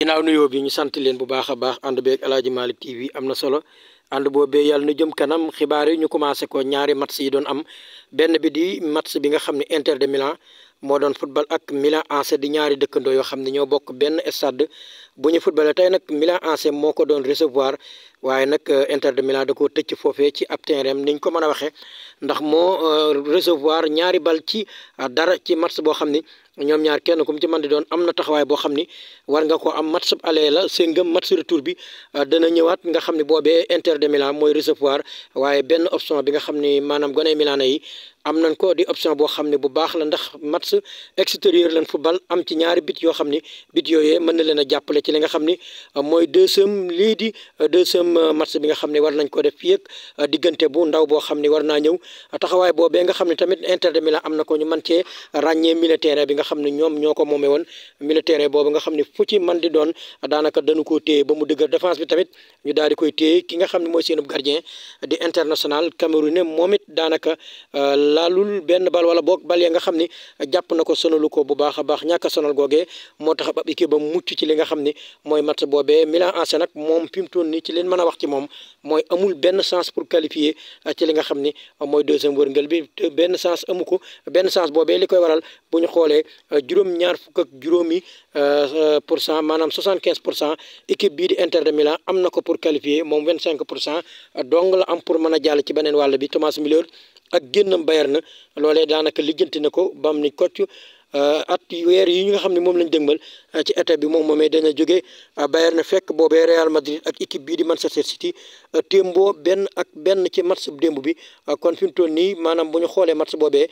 ginnaaw nuyoo bi ñu sant leen bu baax a baax ànd beeg El Hadj Malick TV am na solo ànd boobee yàlla na jëm kanam xibaar yi ñu commencé ko ñaari match yi doon am benn bi di match bi nga xam ne Inter de Milan moo doon football ak Milan AC di ñaari dëkkandoo yoo xam ne ñoo bokk benn stade bu ñu footballé tey nag Milan AC moo ko doon recevoir waaye nag euh, Inter de Milan da koo tëcc foofee ci ab terrain niñ ko mën a waxee ndax moo euh, recevoir ñaari bal ci euh, dara ci match boo xam ni ñoom ñaar kenn ku mu ci mën di doon am na taxawaay boo xam ni war nga ko am match aller la seen ngëm match retour bi dana ñëwaat nga xam ne boobe Inter de Milan mooy recevoir waaye benn option bi nga xam ni maanaam gone Milan yi am nañ ko di option boo xam ne bu baax la ndax match extérieur lañ football am ci ñaari bit yoo xam ni bit yooyee mën na leen a jàppale ci li nga xam ni euh, mooy deuxième lii di euh, deuxième euh, match bi nga xam ne war nañ ko def fii ak bu ndaw boo xam ni war naa ñëw taxawaay boobee nga xam ne tamit Inter de Milan am na ko ñu mën cee ràññee milieu terrain bi nga xam ne ñoom ñoo ko moomee woon milieu terrain boobu nga xam ne fu ci man di daanaka dañu koo téye ba mu dëgër défense bi tamit ñu daal di koy téye ki nga xam ne mooy seenub gardien di international camerounais moom it daanaka laalul benn bal wala boog bal nga xam ni jàpp na ko sonalu ko bu baax a baax ñàkk a sonal googee moo tax ab équipe ba mucc ci li nga xam ni mooy match boobee Milan AC nag moom fi mu toll nii ci leen mën a wax ci moom mooy amul benn chance pour qualifier ci li nga xam ni mooy deuxième wërngël bi benn chance amu ko benn chance boobee li koy waral bu ñu xoolee euh, juróom-ñaar fukk ak juróomi euh, pour cent maanaam 75 pour cent équipe bii di Inter de Milan am na ko pour qualifier moom 25 pour cent euh, dong la am pour mën a jàll ci beneen wàll bi Thomas Müller ak génnam Bayern leer na loolee daanaka lijjanti na ko bam ni kocc euh, at weer yii ñu nga xam ne moom lañ dëgmal euh, ci état bi moom moomee dana jógee euh, Bayern na fekk boobee Real Madrid ak équipe bii di Manchester City témboo benn ak benn ci match bu démb bi kon fi mu toll nii maanaam bu ñu xoolee match boobee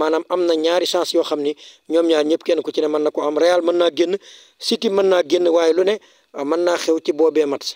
maanaam am na ñaari chance yoo xam ni ñoom ñaar ñëpp kenn ku ci ne man na ko am Real mën naa génn siti mën naa génn waaye lu ne mën naa xew ci boobee match